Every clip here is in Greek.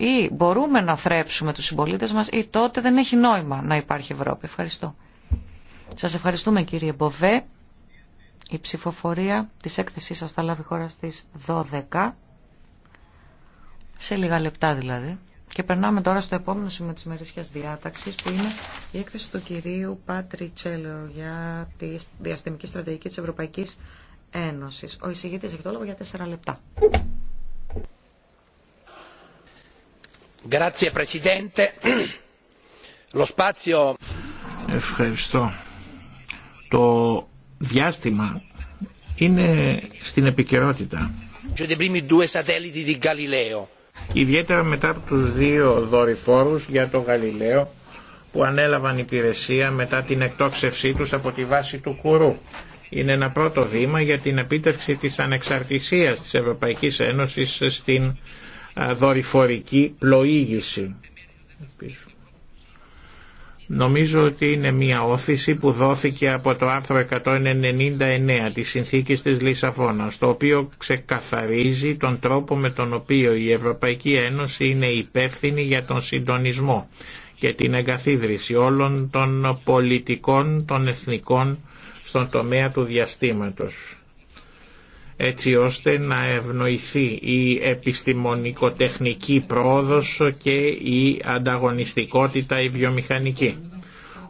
ή μπορούμε να θρέψουμε τους συμπολίτες μας ή τότε δεν έχει νόημα να υπάρχει Ευρώπη. Ευχαριστώ. Σας ευχαριστούμε κύριε Μποβέ. Η ψηφοφορία της έκθεσής σας θα λάβει χώρα στις 12, σε λίγα λεπτά δηλαδή. Και περνάμε τώρα στο επόμενο σημείο της μερισιάς διάταξης που είναι η έκθεση του κυρίου Πάτρι Τσέλο για τη διαστημική στρατηγική της Ευρωπαϊκής Ένωσης. Ο εισηγήτης έχει το λόγο για τέσσερα λεπτά. Ευχαριστώ. Το διάστημα είναι στην επικαιρότητα. Ιδιαίτερα μετά από τους δύο δορυφόρους για το Γαλιλαίο που ανέλαβαν υπηρεσία μετά την εκτόξευσή τους από τη βάση του Κουρού. Είναι ένα πρώτο βήμα για την επίτευξη της ανεξαρτησίας της Ευρωπαϊκής Ένωσης στην δορυφορική πλοήγηση. Νομίζω ότι είναι μια όθηση που δόθηκε από το άρθρο 199 της Συνθήκης της Λισαβόνας, το οποίο ξεκαθαρίζει τον τρόπο με τον οποίο η Ευρωπαϊκή Ένωση είναι υπεύθυνη για τον συντονισμό και την εγκαθίδρυση όλων των πολιτικών των εθνικών στον τομέα του διαστήματος έτσι ώστε να ευνοηθεί η επιστημονικοτεχνική πρόοδος και η ανταγωνιστικότητα η βιομηχανική.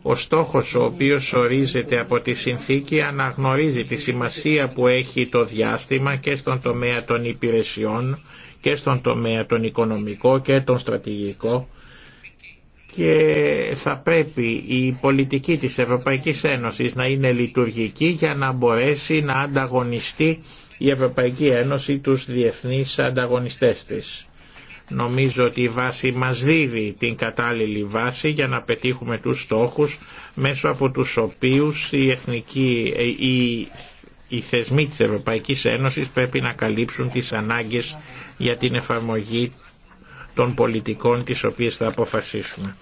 Ο στόχος ο οποίος ορίζεται από τη συνθήκη αναγνωρίζει τη σημασία που έχει το διάστημα και στον τομέα των υπηρεσιών και στον τομέα των οικονομικό και τον στρατηγικό και θα πρέπει η πολιτική της Ευρωπαϊκής Ένωσης να είναι λειτουργική για να μπορέσει να ανταγωνιστεί η Ευρωπαϊκή Ένωση τους διεθνείς ανταγωνιστές της. Νομίζω ότι η βάση μας δίδει την κατάλληλη βάση για να πετύχουμε τους στόχους μέσω από τους οποίους η εθνική, η οι θεσμοί της Ευρωπαϊκής Ένωσης πρέπει να καλύψουν τις ανάγκες για την εφαρμογή των πολιτικών τις οποίες θα αποφασίσουμε.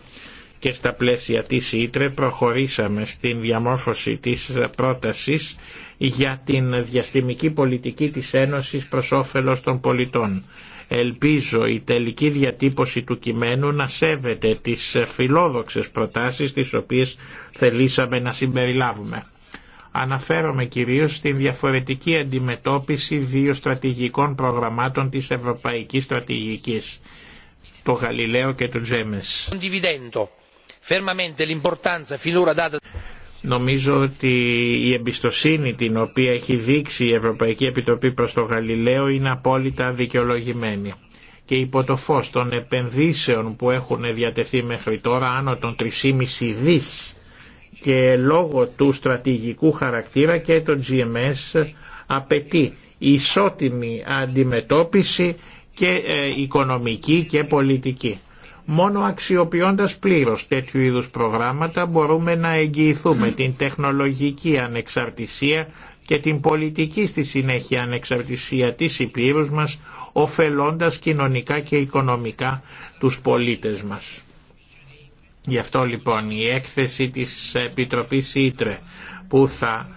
Και στα πλαίσια της ΙΤΡΕ προχωρήσαμε στην διαμόρφωση της πρότασης για την διαστημική πολιτική της Ένωσης προς όφελος των πολιτών. Ελπίζω η τελική διατύπωση του κειμένου να σέβεται τις φιλόδοξες προτάσεις τις οποίες θελήσαμε να συμπεριλάβουμε. Αναφέρομαι κυρίως στην διαφορετική αντιμετώπιση δύο στρατηγικών προγραμμάτων της Ευρωπαϊκής Στρατηγικής, το Γαλιλαίο και το Τζέμες. Νομίζω ότι η εμπιστοσύνη την οποία έχει δείξει η Ευρωπαϊκή Επιτροπή προς το Γαλιλαίο είναι απόλυτα δικαιολογημένη και υπό το φως των επενδύσεων που έχουν διατεθεί μέχρι τώρα άνω των 3,5 δις και λόγω του στρατηγικού χαρακτήρα και το GMS απαιτεί ισότιμη αντιμετώπιση και ε, οικονομική και πολιτική. Μόνο αξιοποιώντας πλήρως τέτοιου είδους προγράμματα μπορούμε να εγγυηθούμε την τεχνολογική ανεξαρτησία και την πολιτική στη συνέχεια ανεξαρτησία της υπήρους μας, ωφελώντας κοινωνικά και οικονομικά τους πολίτες μας. Γι' αυτό λοιπόν η έκθεση της Επιτροπής Ήτρε που θα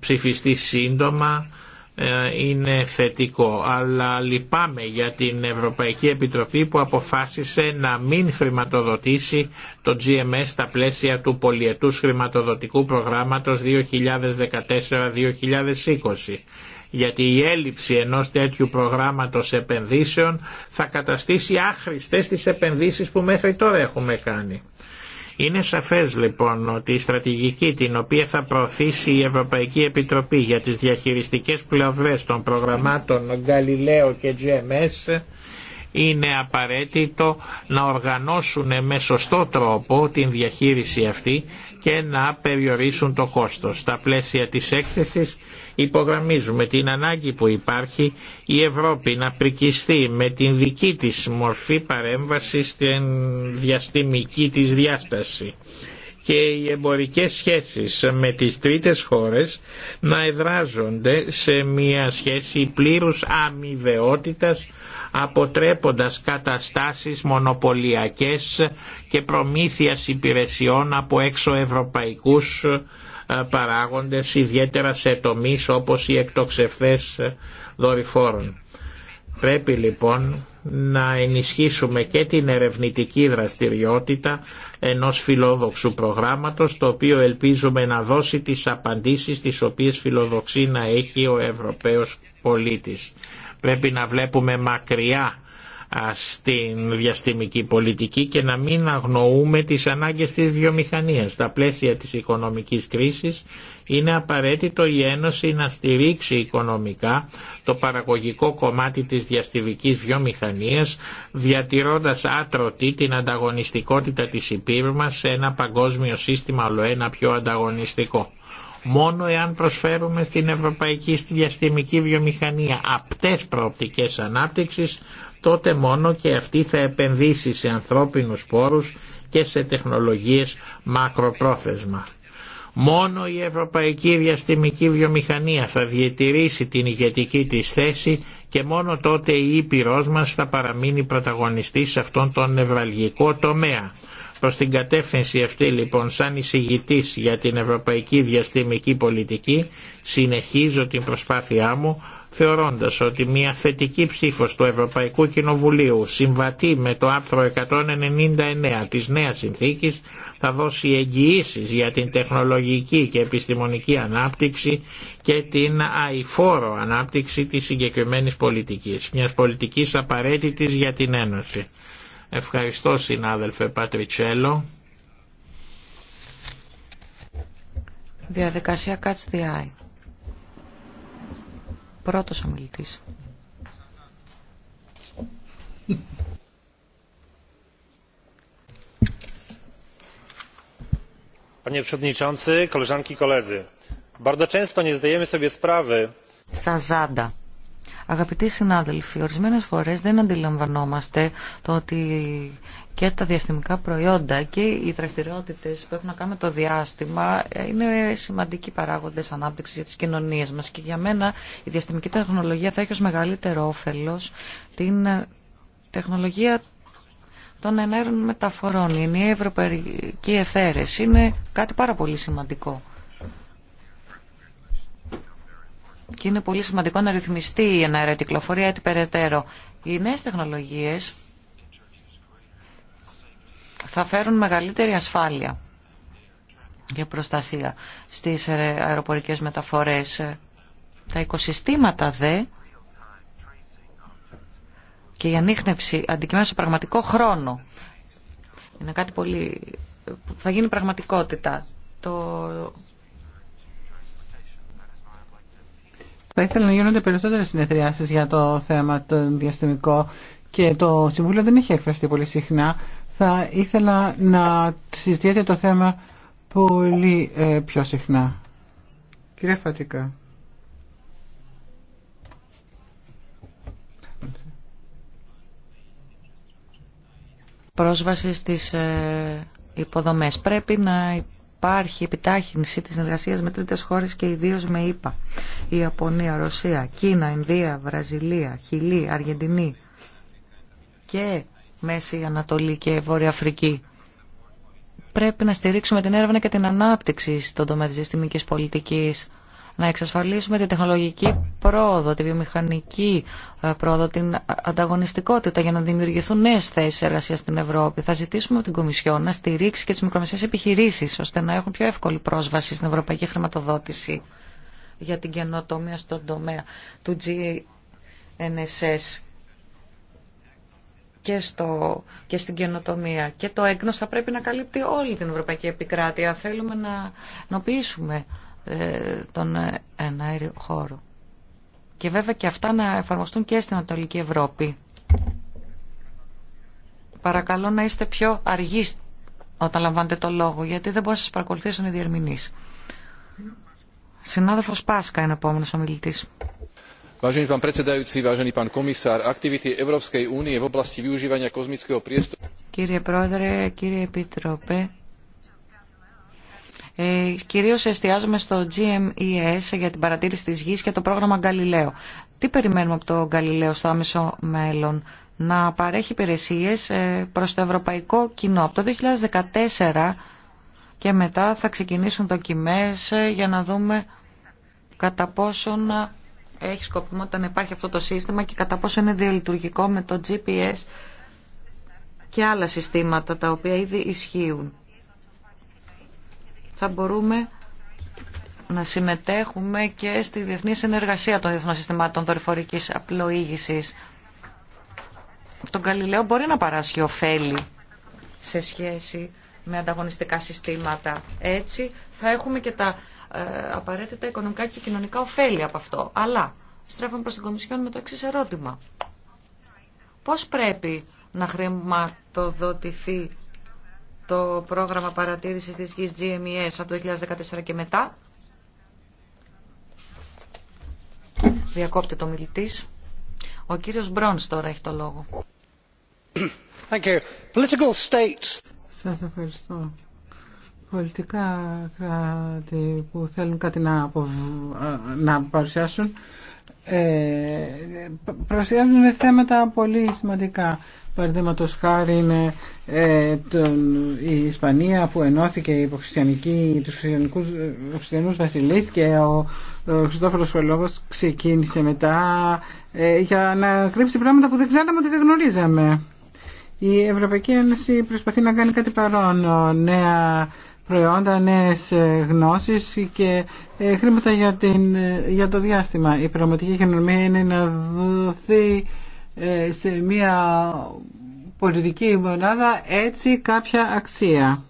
ψηφιστεί σύντομα ε, είναι θετικό, αλλά λυπάμαι για την Ευρωπαϊκή Επιτροπή που αποφάσισε να μην χρηματοδοτήσει το GMS στα πλαίσια του πολιετούς χρηματοδοτικού προγράμματος 2014-2020 γιατί η έλλειψη ενός τέτοιου προγράμματος επενδύσεων θα καταστήσει άχρηστες τις επενδύσεις που μέχρι τώρα έχουμε κάνει. Είναι σαφές λοιπόν ότι η στρατηγική την οποία θα προωθήσει η Ευρωπαϊκή Επιτροπή για τις διαχειριστικές πλευρές των προγραμμάτων Galileo και GMS είναι απαραίτητο να οργανώσουν με σωστό τρόπο την διαχείριση αυτή και να περιορίσουν το κόστος. Στα πλαίσια της έκθεσης υπογραμμίζουμε την ανάγκη που υπάρχει η Ευρώπη να πρικιστεί με την δική της μορφή παρέμβαση στην διαστημική της διάσταση και οι εμπορικές σχέσεις με τις τρίτες χώρες να εδράζονται σε μια σχέση πλήρους αμοιβαιότητας αποτρέποντας καταστάσεις μονοπωλιακές και προμήθειας υπηρεσιών από έξω ευρωπαϊκούς ε, παράγοντες ιδιαίτερα σε τομείς όπως οι εκτοξευθές ε, δορυφόρων. Πρέπει λοιπόν να ενισχύσουμε και την ερευνητική δραστηριότητα ενός φιλόδοξου προγράμματος το οποίο ελπίζουμε να δώσει τις απαντήσεις τις οποίες φιλοδοξεί να έχει ο Ευρωπαίος πολίτης. Πρέπει να βλέπουμε μακριά στην διαστημική πολιτική και να μην αγνοούμε τις ανάγκες της βιομηχανίας. Στα πλαίσια της οικονομικής κρίσης είναι απαραίτητο η Ένωση να στηρίξει οικονομικά το παραγωγικό κομμάτι της διαστημικής βιομηχανίας διατηρώντας άτρωτη την ανταγωνιστικότητα της υπήρου σε ένα παγκόσμιο σύστημα ολοένα πιο ανταγωνιστικό. Μόνο εάν προσφέρουμε στην ευρωπαϊκή διαστημική βιομηχανία απτές προοπτικές ανάπτυξης, τότε μόνο και αυτή θα επενδύσει σε ανθρώπινους πόρους και σε τεχνολογίες μακροπρόθεσμα. Μόνο η ευρωπαϊκή διαστημική βιομηχανία θα διατηρήσει την ηγετική της θέση και μόνο τότε η Ήπειρός μας θα παραμείνει πρωταγωνιστής σε αυτόν τον νευραλγικό τομέα. Προς την κατεύθυνση αυτή λοιπόν σαν εισηγητής για την Ευρωπαϊκή Διαστημική Πολιτική συνεχίζω την προσπάθειά μου θεωρώντας ότι μια θετική ψήφος του Ευρωπαϊκού Κοινοβουλίου συμβατή με το άρθρο 199 της νέας συνθήκης θα δώσει εγγυήσει για την τεχνολογική και επιστημονική ανάπτυξη και την αηφόρο ανάπτυξη της συγκεκριμένης πολιτικής, μιας πολιτικής απαραίτητης για την Ένωση. Ευχαριστώ συνάδελφε Πατριτσέλο. Διαδικασία Catch the Eye. Πρώτος ομιλητής. Panie Przewodniczący, koleżanki i koledzy. Bardzo często nie zdajemy sobie sprawy. Sazada. Αγαπητοί συνάδελφοι, ορισμένες φορές δεν αντιλαμβανόμαστε το ότι και τα διαστημικά προϊόντα και οι δραστηριότητε που έχουν να κάνουν το διάστημα είναι σημαντικοί παράγοντε ανάπτυξης για τις κοινωνίες μα. Και για μένα η διαστημική τεχνολογία θα έχει ως μεγαλύτερο όφελο την τεχνολογία των ενέργων μεταφορών. Η ευρωπαϊκή εθέρεση είναι κάτι πάρα πολύ σημαντικό. και είναι πολύ σημαντικό να ρυθμιστεί η εναέρια κυκλοφορία έτσι περαιτέρω. Οι νέες τεχνολογίες θα φέρουν μεγαλύτερη ασφάλεια για προστασία στις ε, αεροπορικές μεταφορές. Τα οικοσυστήματα δε και η ανείχνευση αντικειμένου σε πραγματικό χρόνο είναι κάτι πολύ θα γίνει πραγματικότητα. Το Θα ήθελα να γίνονται περισσότερε συνεδριάσει για το θέμα το διαστημικό και το Συμβούλιο δεν έχει εκφραστεί πολύ συχνά. Θα ήθελα να συζητιέται το θέμα πολύ ε, πιο συχνά. Κύριε Φατικά. Πρόσβαση στις ε, υποδομές. Πρέπει να υπάρχει επιτάχυνση της συνεργασίας με τρίτες χώρες και ιδίως με ΙΠΑ. Η Ιαπωνία, Ρωσία, Κίνα, Ινδία, Βραζιλία, Χιλή, Αργεντινή και Μέση Ανατολή και Βόρεια Αφρική. Πρέπει να στηρίξουμε την έρευνα και την ανάπτυξη στον τομέα της συστημικής πολιτικής να εξασφαλίσουμε τη τεχνολογική πρόοδο, τη βιομηχανική ε, πρόοδο, την ανταγωνιστικότητα για να δημιουργηθούν νέε θέσει εργασία στην Ευρώπη. Θα ζητήσουμε από την Κομισιόν να στηρίξει και τι μικρομεσαίες επιχειρήσει ώστε να έχουν πιο εύκολη πρόσβαση στην ευρωπαϊκή χρηματοδότηση για την καινοτομία στον τομέα του GNSS και, στο, και στην καινοτομία. Και το έγκνος θα πρέπει να καλύπτει όλη την ευρωπαϊκή επικράτεια. Θέλουμε να νοποιήσουμε ε, τον εναέριο χώρο. Και βέβαια και αυτά να εφαρμοστούν και στην Ανατολική Ευρώπη. Παρακαλώ να είστε πιο αργοί όταν λαμβάνετε το λόγο, γιατί δεν μπορεί να σα παρακολουθήσουν οι διερμηνεί. Συνάδελφο Πάσκα είναι επόμενος ομιλητή. Vážený pán Κύριε Πρόεδρε, κύριε Επιτροπέ, ε, κυρίως εστιάζουμε στο GMES για την παρατήρηση της γης και το πρόγραμμα Galileo. Τι περιμένουμε από το Galileo στο άμεσο μέλλον να παρέχει υπηρεσίες ε, προς το ευρωπαϊκό κοινό. Από το 2014 και μετά θα ξεκινήσουν δοκιμές ε, για να δούμε κατά πόσον έχει σκοπιμότητα να υπάρχει αυτό το σύστημα και κατά πόσο είναι διαλειτουργικό με το GPS και άλλα συστήματα τα οποία ήδη ισχύουν θα μπορούμε να συμμετέχουμε και στη διεθνή συνεργασία των διεθνών συστημάτων δορυφορικής απλοήγησης. Τον Καλλιλέο μπορεί να παράσχει ωφέλη σε σχέση με ανταγωνιστικά συστήματα. Έτσι θα έχουμε και τα ε, απαραίτητα οικονομικά και κοινωνικά ωφέλη από αυτό. Αλλά στρέφουμε προς την Κομισιόν με το εξή ερώτημα. Πώς πρέπει να χρηματοδοτηθεί το πρόγραμμα παρατήρησης της γης GMES από το 2014 και μετά. Διακόπτε το μιλητής. Ο κύριος Μπρόνς τώρα έχει το λόγο. Thank you. Political states. Σας ευχαριστώ. Πολιτικά κράτη που θέλουν κάτι να, να παρουσιάσουν ε, θέματα πολύ σημαντικά. Παραδείγματο χάρη είναι ε, τον, η Ισπανία που ενώθηκε υπό τους χριστιανικούς ε, βασιλείς και ο, ο Χριστόφορος ξεκίνησε μετά ε, για να κρύψει πράγματα που δεν ξέραμε ότι δεν γνωρίζαμε. Η Ευρωπαϊκή Ένωση προσπαθεί να κάνει κάτι παρόν. Νέα προϊόντα, νέες ε, γνώσεις και ε, χρήματα για, την, ε, για το διάστημα. Η πραγματική κοινωνία είναι να δοθεί σε μια πολιτική μονάδα έτσι κάποια αξία.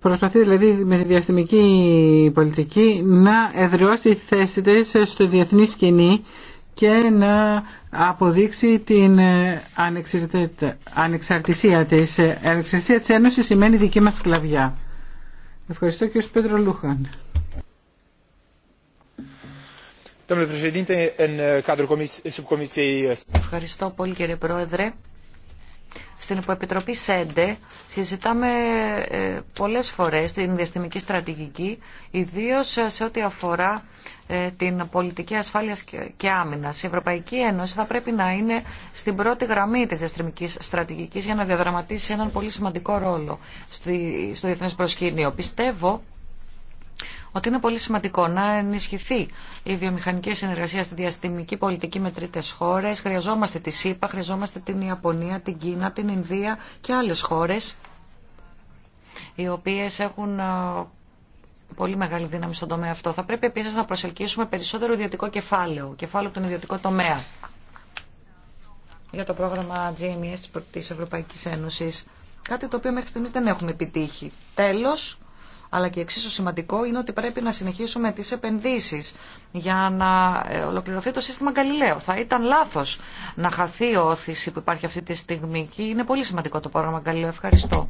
Προσπαθεί δηλαδή με τη διαστημική πολιτική να εδραιώσει θέση τη στο διεθνή σκηνή και να αποδείξει την ανεξαρτησία της. Ανεξαρτησία της Ένωσης σημαίνει δική μας σκλαβιά. Ευχαριστώ κύριο Πέτρο Λούχαν. Ευχαριστώ πολύ κύριε Πρόεδρε. Στην Υποεπιτροπή ΣΕΝΤΕ συζητάμε ε, πολλές φορές την διαστημική στρατηγική, ιδίως σε ό,τι αφορά ε, την πολιτική ασφάλειας και άμυνας. Η Ευρωπαϊκή Ένωση θα πρέπει να είναι στην πρώτη γραμμή της διαστημικής στρατηγικής για να διαδραματίσει έναν πολύ σημαντικό ρόλο στο διεθνές προσκήνιο. Πιστεύω ότι είναι πολύ σημαντικό να ενισχυθεί η βιομηχανική συνεργασία στη διαστημική πολιτική με τρίτε χώρε. Χρειαζόμαστε τη ΣΥΠΑ, χρειαζόμαστε την Ιαπωνία, την Κίνα, την Ινδία και άλλε χώρε οι οποίε έχουν πολύ μεγάλη δύναμη στον τομέα αυτό. Θα πρέπει επίση να προσελκύσουμε περισσότερο ιδιωτικό κεφάλαιο, κεφάλαιο από τον ιδιωτικό τομέα για το πρόγραμμα GMS e της Ευρωπαϊκής Ένωσης. Κάτι το οποίο μέχρι στιγμής δεν έχουμε επιτύχει. Τέλος, αλλά και εξίσου σημαντικό είναι ότι πρέπει να συνεχίσουμε τις επενδύσεις για να ε, ολοκληρωθεί το σύστημα Γαλιλαίο. Θα ήταν λάθος να χαθεί η όθηση που υπάρχει αυτή τη στιγμή και είναι πολύ σημαντικό το πρόγραμμα Γαλιλαίο. Ευχαριστώ.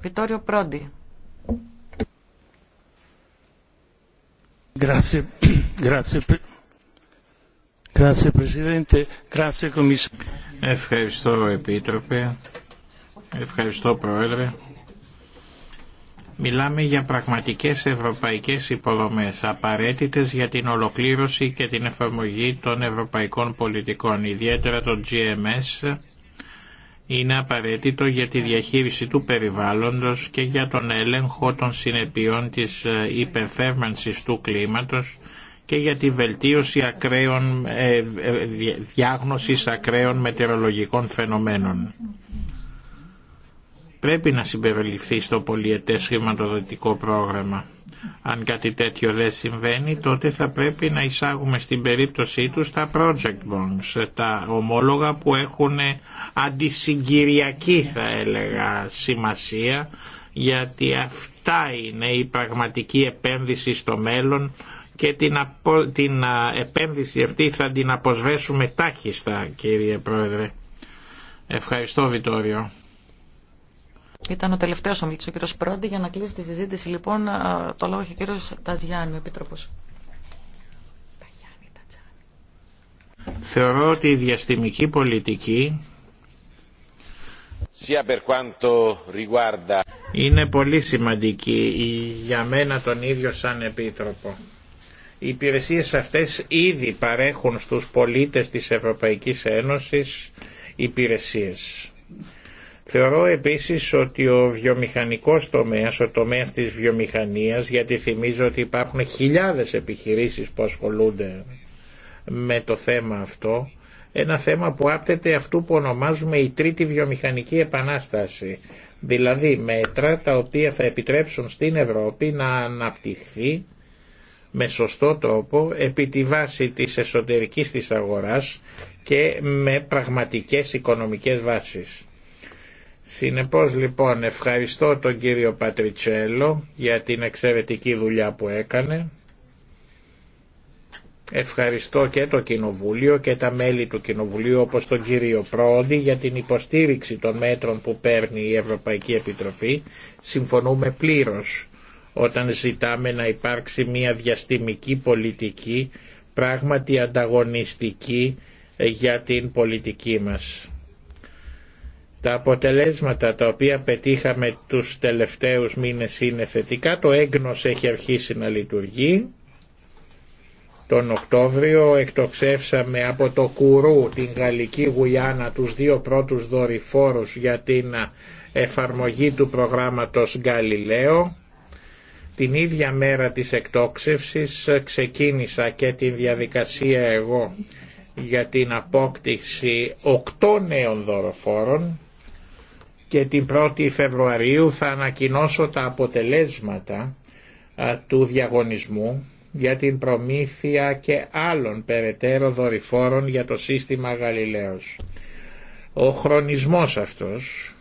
Βιτόριο Πρόντι. Ευχαριστώ Επίτροπε, ευχαριστώ Πρόεδρε. Μιλάμε για πραγματικές ευρωπαϊκές υποδομές, απαραίτητες για την ολοκλήρωση και την εφαρμογή των ευρωπαϊκών πολιτικών, ιδιαίτερα το GMS, είναι απαραίτητο για τη διαχείριση του περιβάλλοντος και για τον έλεγχο των συνεπειών της υπερθέρμανσης του κλίματος και για τη βελτίωση ακραίων, ε, ε, διάγνωσης ακραίων μετεωρολογικών φαινομένων πρέπει να συμπεριληφθεί στο πολιετές χρηματοδοτικό πρόγραμμα. Αν κάτι τέτοιο δεν συμβαίνει, τότε θα πρέπει να εισάγουμε στην περίπτωσή τους τα project bonds, τα ομόλογα που έχουν αντισυγκυριακή θα έλεγα σημασία, γιατί αυτά είναι η πραγματική επένδυση στο μέλλον και την, την επένδυση αυτή θα την αποσβέσουμε τάχιστα κύριε Πρόεδρε. Ευχαριστώ Βιτόριο. Ήταν ο τελευταίο ομιλητή ο κύριο Πρόντι. Για να κλείσει τη συζήτηση, λοιπόν, το λόγο έχει ο κύριο Ταζιάννη, ο επίτροπο. Θεωρώ ότι η διαστημική πολιτική είναι πολύ σημαντική για μένα τον ίδιο σαν επίτροπο. Οι υπηρεσίες αυτές ήδη παρέχουν στου πολίτες της Ευρωπαϊκής Ένωση υπηρεσίες Θεωρώ επίσης ότι ο βιομηχανικός τομέας, ο τομέας της βιομηχανίας, γιατί θυμίζω ότι υπάρχουν χιλιάδες επιχειρήσεις που ασχολούνται με το θέμα αυτό, ένα θέμα που άπτεται αυτού που ονομάζουμε η τρίτη βιομηχανική επανάσταση, δηλαδή μέτρα τα οποία θα επιτρέψουν στην Ευρώπη να αναπτυχθεί με σωστό τρόπο επί τη βάση της εσωτερικής της αγοράς και με πραγματικές οικονομικές βάσεις. Συνεπώς λοιπόν ευχαριστώ τον κύριο Πατριτσέλο για την εξαιρετική δουλειά που έκανε. Ευχαριστώ και το Κοινοβούλιο και τα μέλη του Κοινοβουλίου όπως τον κύριο Πρόντι για την υποστήριξη των μέτρων που παίρνει η Ευρωπαϊκή Επιτροπή. Συμφωνούμε πλήρως όταν ζητάμε να υπάρξει μια διαστημική πολιτική πράγματι ανταγωνιστική ε, για την πολιτική μας. Τα αποτελέσματα τα οποία πετύχαμε τους τελευταίους μήνες είναι θετικά. Το έγνος έχει αρχίσει να λειτουργεί. Τον Οκτώβριο εκτοξεύσαμε από το Κουρού την Γαλλική Γουλιάνα τους δύο πρώτους δορυφόρους για την εφαρμογή του προγράμματος Γκαλιλαίο. Την ίδια μέρα της εκτόξευσης ξεκίνησα και την διαδικασία εγώ για την απόκτηση οκτώ νέων δωροφόρων και την 1η Φεβρουαρίου θα ανακοινώσω τα αποτελέσματα του διαγωνισμού για την προμήθεια και άλλων περαιτέρω δορυφόρων για το σύστημα Γαλιλαίος. Ο χρονισμός αυτός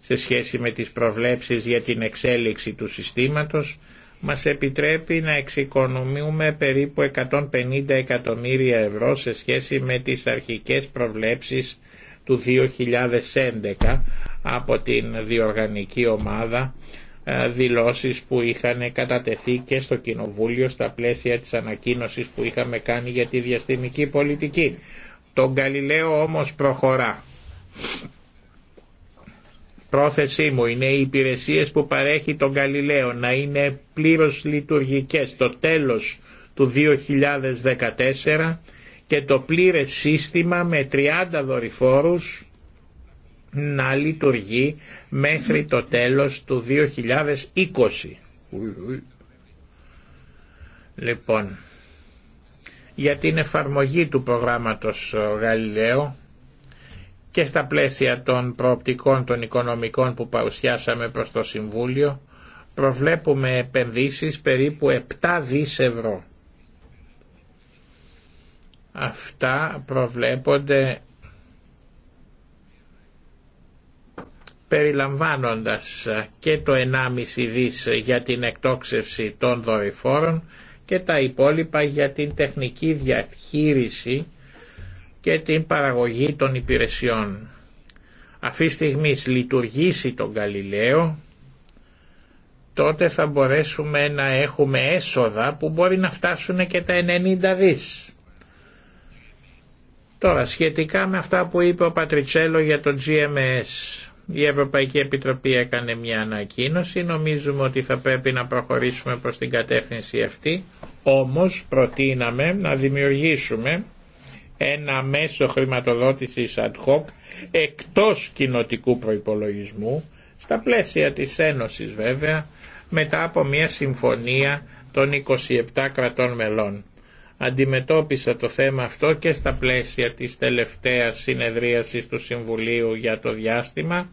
σε σχέση με τις προβλέψεις για την εξέλιξη του συστήματος μας επιτρέπει να εξοικονομούμε περίπου 150 εκατομμύρια ευρώ σε σχέση με τις αρχικές προβλέψεις του 2011 από την διοργανική ομάδα ε, δηλώσεις που είχαν κατατεθεί και στο Κοινοβούλιο στα πλαίσια της ανακοίνωσης που είχαμε κάνει για τη διαστημική πολιτική. Το Γκαλιλαίο όμως προχωρά. Πρόθεσή μου είναι οι υπηρεσίες που παρέχει το Γκαλιλαίο να είναι πλήρως λειτουργικές το τέλος του 2014 και το πλήρες σύστημα με 30 δορυφόρους να λειτουργεί μέχρι το τέλος του 2020. Λοιπόν, για την εφαρμογή του προγράμματος Γαλιλαίο και στα πλαίσια των προοπτικών των οικονομικών που παρουσιάσαμε προς το Συμβούλιο προβλέπουμε επενδύσεις περίπου 7 δις ευρώ. Αυτά προβλέπονται περιλαμβάνοντας και το 1,5 δις για την εκτόξευση των δορυφόρων και τα υπόλοιπα για την τεχνική διαχείριση και την παραγωγή των υπηρεσιών. Αυτή τη στιγμή λειτουργήσει τον Γαλιλαίο, τότε θα μπορέσουμε να έχουμε έσοδα που μπορεί να φτάσουν και τα 90 δις. Τώρα σχετικά με αυτά που είπε ο Πατριτσέλο για το GMS η Ευρωπαϊκή Επιτροπή έκανε μια ανακοίνωση, νομίζουμε ότι θα πρέπει να προχωρήσουμε προς την κατεύθυνση αυτή, όμως προτείναμε να δημιουργήσουμε ένα μέσο χρηματοδότησης ad hoc εκτός κοινοτικού προϋπολογισμού, στα πλαίσια της Ένωσης βέβαια, μετά από μια συμφωνία των 27 κρατών μελών. Αντιμετώπισα το θέμα αυτό και στα πλαίσια της τελευταίας συνεδρίασης του Συμβουλίου για το διάστημα.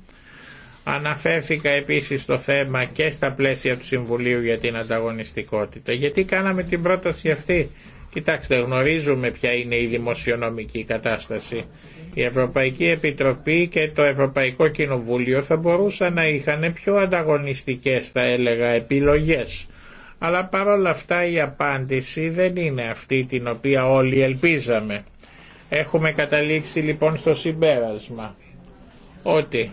Αναφέρθηκα επίσης το θέμα και στα πλαίσια του Συμβουλίου για την ανταγωνιστικότητα. Γιατί κάναμε την πρόταση αυτή. Κοιτάξτε, γνωρίζουμε ποια είναι η δημοσιονομική κατάσταση. Η Ευρωπαϊκή Επιτροπή και το Ευρωπαϊκό Κοινοβούλιο θα μπορούσαν να είχαν πιο ανταγωνιστικές, θα έλεγα, επιλογές αλλά παρόλα αυτά η απάντηση δεν είναι αυτή την οποία όλοι ελπίζαμε. Έχουμε καταλήξει λοιπόν στο συμπέρασμα ότι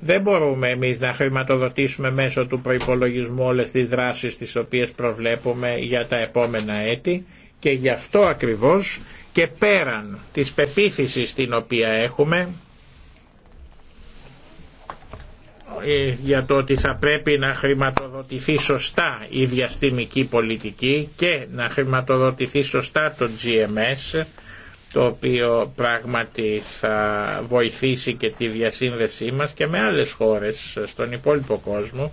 δεν μπορούμε εμείς να χρηματοδοτήσουμε μέσω του προϋπολογισμού όλες τις δράσεις τις οποίες προβλέπουμε για τα επόμενα έτη και γι' αυτό ακριβώς και πέραν της πεποίθησης την οποία έχουμε Ε, για το ότι θα πρέπει να χρηματοδοτηθεί σωστά η διαστημική πολιτική και να χρηματοδοτηθεί σωστά το GMS το οποίο πράγματι θα βοηθήσει και τη διασύνδεσή μας και με άλλες χώρες στον υπόλοιπο κόσμο.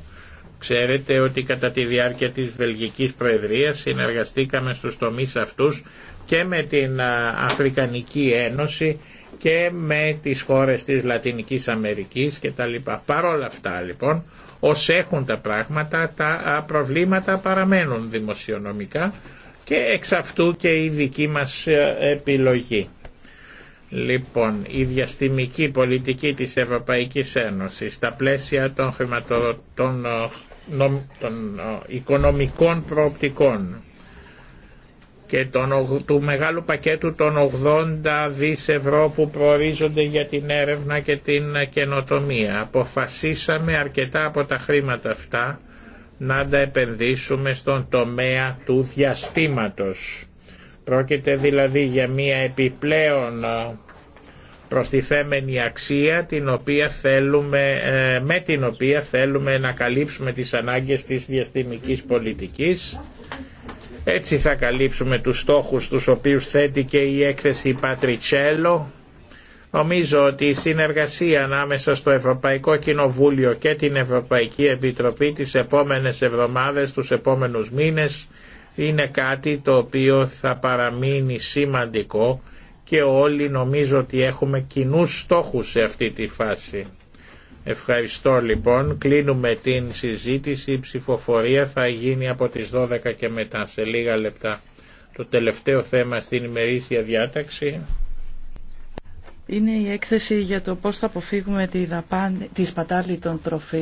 Ξέρετε ότι κατά τη διάρκεια της Βελγικής Προεδρίας συνεργαστήκαμε στους τομείς αυτούς και με την Αφρικανική Ένωση και με τις χώρες της Λατινικής Αμερικής και τα λοιπά. Παρ' όλα αυτά λοιπόν, ως έχουν τα πράγματα, τα προβλήματα παραμένουν δημοσιονομικά και εξ αυτού και η δική μας επιλογή. Λοιπόν, η διαστημική πολιτική της Ευρωπαϊκής Ένωσης στα πλαίσια των, των οικονομικών προοπτικών και τον, του μεγάλου πακέτου των 80 δις ευρώ που προορίζονται για την έρευνα και την καινοτομία. Αποφασίσαμε αρκετά από τα χρήματα αυτά να τα επενδύσουμε στον τομέα του διαστήματος. Πρόκειται δηλαδή για μια επιπλέον ε, προστιθέμενη αξία την οποία θέλουμε, ε, με την οποία θέλουμε να καλύψουμε τις ανάγκες της διαστημικής πολιτικής έτσι θα καλύψουμε τους στόχους τους οποίους θέτει και η έκθεση Πατριτσέλο. Νομίζω ότι η συνεργασία ανάμεσα στο Ευρωπαϊκό Κοινοβούλιο και την Ευρωπαϊκή Επιτροπή τις επόμενες εβδομάδες, τους επόμενους μήνες είναι κάτι το οποίο θα παραμείνει σημαντικό και όλοι νομίζω ότι έχουμε κοινούς στόχους σε αυτή τη φάση. Ευχαριστώ λοιπόν. Κλείνουμε την συζήτηση. Η ψηφοφορία θα γίνει από τις 12 και μετά, σε λίγα λεπτά. Το τελευταίο θέμα στην ημερήσια διάταξη. Είναι η έκθεση για το πώς θα αποφύγουμε τη δαπάνη, τη σπατάλη των τροφή.